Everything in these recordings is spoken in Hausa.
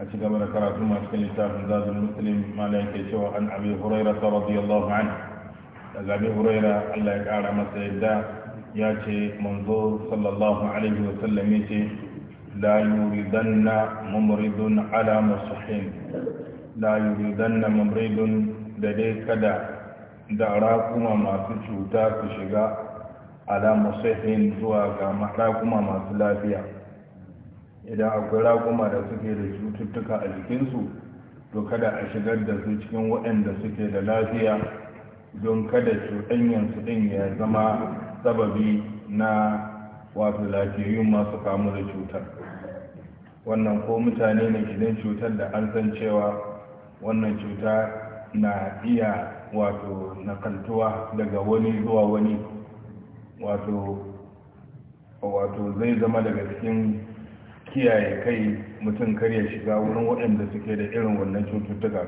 a ci gaba da karatu masu cikin littafin zazin muslim mala yake cewa an abi huraira ta radiyallahu anhu daga abi huraira Allah ya kara masa yadda ya ce manzo sallallahu alaihi wa sallam yace la yuridanna mumridun ala musahin la yuridanna mumridun da dai kada da raƙuma masu cuta su shiga ala musahin zuwa ga raƙuma masu lafiya idan akwai raƙuma da suke da cututtuka a jikinsu to kada a shigar da su cikin waɗanda suke da lafiya don kada su ɗin ya zama sababi na wato lafiyayyun masu kamu da cutar wannan ko mutane ne idan cutar da an san cewa wannan cuta na iya wato nakaltuwa daga wani zuwa wani wato zai zama daga cikin kiyaye kai mutum kar ya shiga wurin waɗanda suke da irin wannan cututtuka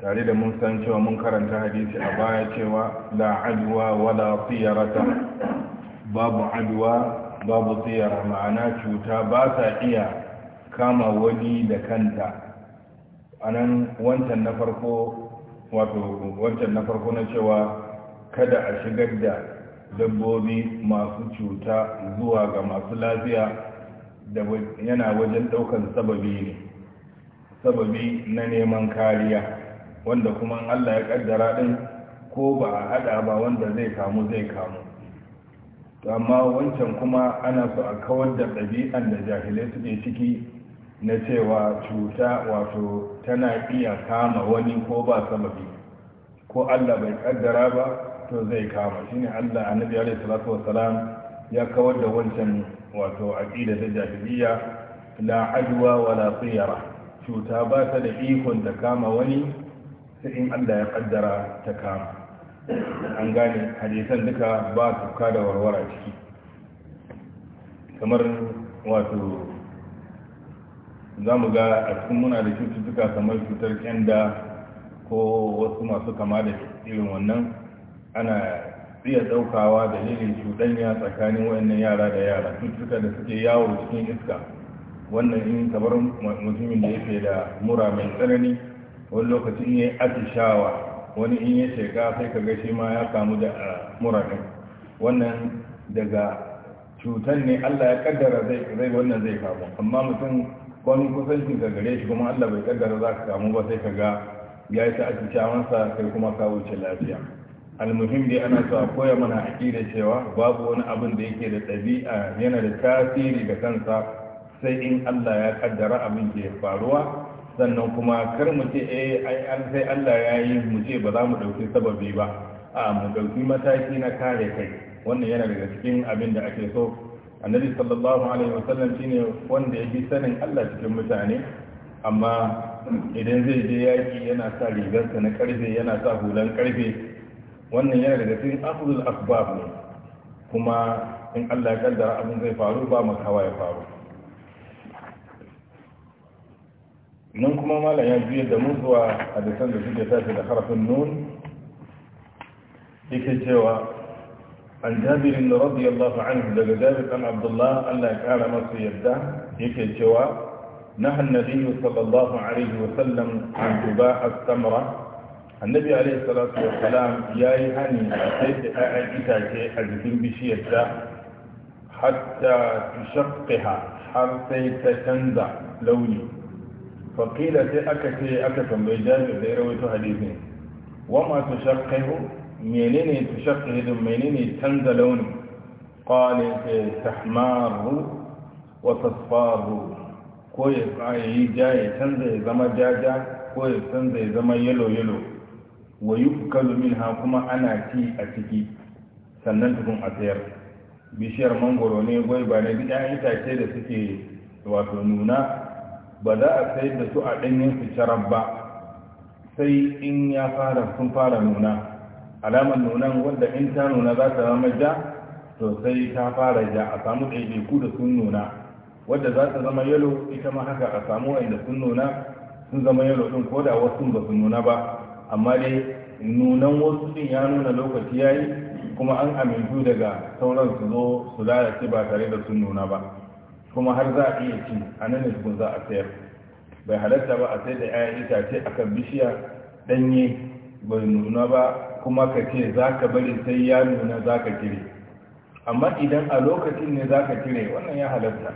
tare da mun san cewa mun karanta hadisi a baya cewa la adwa wala tiyarata babu adwa babu tiyara ma'ana cuta ba sa iya kama wani da kanta anan wancan na farko wato wancan na farko na cewa kada a shigar da dabbobi masu cuta zuwa ga masu lafiya yana wajen ɗaukan sababi ne sababi na neman kariya wanda kuma Allah ya ƙaddara din ko ba a hada ba wanda zai kamu zai kamu amma wancan kuma ana so a kawar da ɗabi'an da jahilai suke ciki na cewa cuta wato tana iya kama wani ko ba sababi ko Allah bai ƙaddara ba to zai kama shine Allah annabi alaihi salatu wassalam ya kawar da wancan wato aqida ta jahiliya la adwa wala tiyara cuta ba ta da ikon ta kama wani sai in Allah ya kaddara ta kama an gane hadisan duka ba tuka da warwara ciki kamar wato za mu ga a cikin muna da cututtuka kamar cutar kyanda ko wasu masu kama da irin wannan ana iya daukawa dalilin cuɗanya tsakanin wayannan yara da yara cututtuka da suke yawo cikin iska wannan in kamar mutumin da yake da mura mai tsanani wani lokacin ya yi atishawa wani in ya sheka sai ka ga shi ma ya kamu da eh, mura ne wannan daga cutan ne Allah ya kaddara zai wannan zai kamu amma mutum kwanu shi ga gare shi kuma Allah bai kaddara za ka kamu ba sai ka ga ya yi ta atishawansa kai kuma ka wuce lafiya almuhim dai ana so a koya mana aƙida cewa babu wani abin da yake da ɗabi'a yana da tasiri da kansa sai in Allah ya kaddara abin ke faruwa sannan kuma kar mu ce eh ai sai Allah ya yi mu ce ba za mu ɗauki sababi ba a mu ɗauki mataki na kare kai wannan yana daga cikin abin da ake so annabi sallallahu alaihi wasallam shine wanda ya bi sanin Allah cikin mutane amma idan zai je yaki yana sa rigarsa na karfe yana sa hulan karfe wannan yana daga cikin afdul asbab ne kuma in Allah ya kaddara abin zai faru ba makawa ya faru nan kuma malam ya juya da mu a dasan da suke tashi da harfin nun yake cewa an jabirin da anhu daga jabir dan abdullah Allah ya kara masa yadda yake cewa na nabiyyu sallallahu alaihi wa sallam an tuba as annabi alaihi salatu wassalam ya yi hani a sai da ƴaƴan itace a jikin bishiyarta hatta tushaqqiha har sai ta canza launi faƙila sai aka ce aka tambayi jami'ar da ya rawaito hadisin wa ma tushaqqihu menene tushaqqihu menene canza launi qala tahmaru wa tasfaru ko ya yi ja ya canza ya zama jaja ko ya canza ya zama yalo yalo wa yufkalu minha kuma ana ci a ciki sannan tukun a sayar bishiyar mangoro ne ba ne duk ɗan itace da suke wato nuna ba za a sayar da su a ɗanyen su sharab ba sai in ya fara sun fara nuna alamar nunan wanda in ta nuna za ta zama ja to sai ta fara ja a samu ɗaiɗaiku da sun nuna wadda za ta zama yalo ita ma haka a samu wanda sun nuna sun zama yalo ɗin ko da wasu ba su nuna ba amma dai nunan wasu din ya nuna lokaci ya yi kuma an amintu daga sauran su zo su lalace ba tare da sun nuna ba kuma har za a iya ci a nan kun za a sayar bai halatta ba a sai da 'ya'yan itace a kan bishiya danye bai nuna ba kuma ka ce za ka bari sai ya nuna za ka kire amma idan a lokacin ne za ka kire wannan ya halatta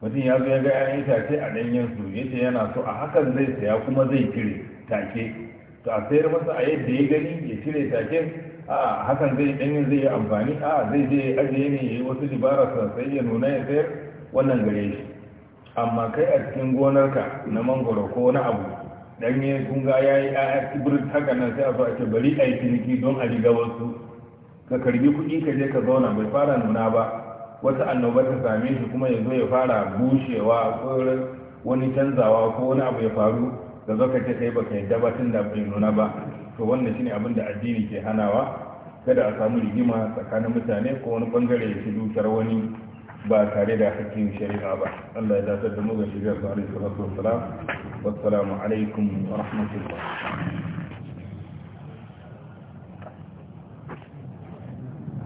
mutum ya zo ya ga 'ya'yan itace a danyen su yace yana so a hakan zai saya kuma zai kire take to a sayar masa a yadda ya gani ya cire taken a hakan zai ɗanyi zai yi amfani a zai je ajiye ne ya yi wasu dibara sai ya nuna ya sayar wannan gare shi amma kai a cikin gonarka na mangoro ko na abu Dan ɗanye kun ga ya yi a tsibirin haka nan sai a so a ce bari a yi ciniki don a riga wasu ka karbi kuɗi ka je ka zauna bai fara nuna ba wata annoba ta same shi kuma ya zo ya fara bushewa ko wani canzawa ko wani abu ya faru da zo ka ce kai baka yadda ba tun da bai nuna ba to wannan shine abin da addini ke hanawa kada a samu rigima tsakanin mutane ko wani bangare ya shigo wani ba tare da hakkin shari'a ba Allah ya dace da mu ga shigar sallallahu alaihi wasallam wassalamu alaikum wa rahmatullah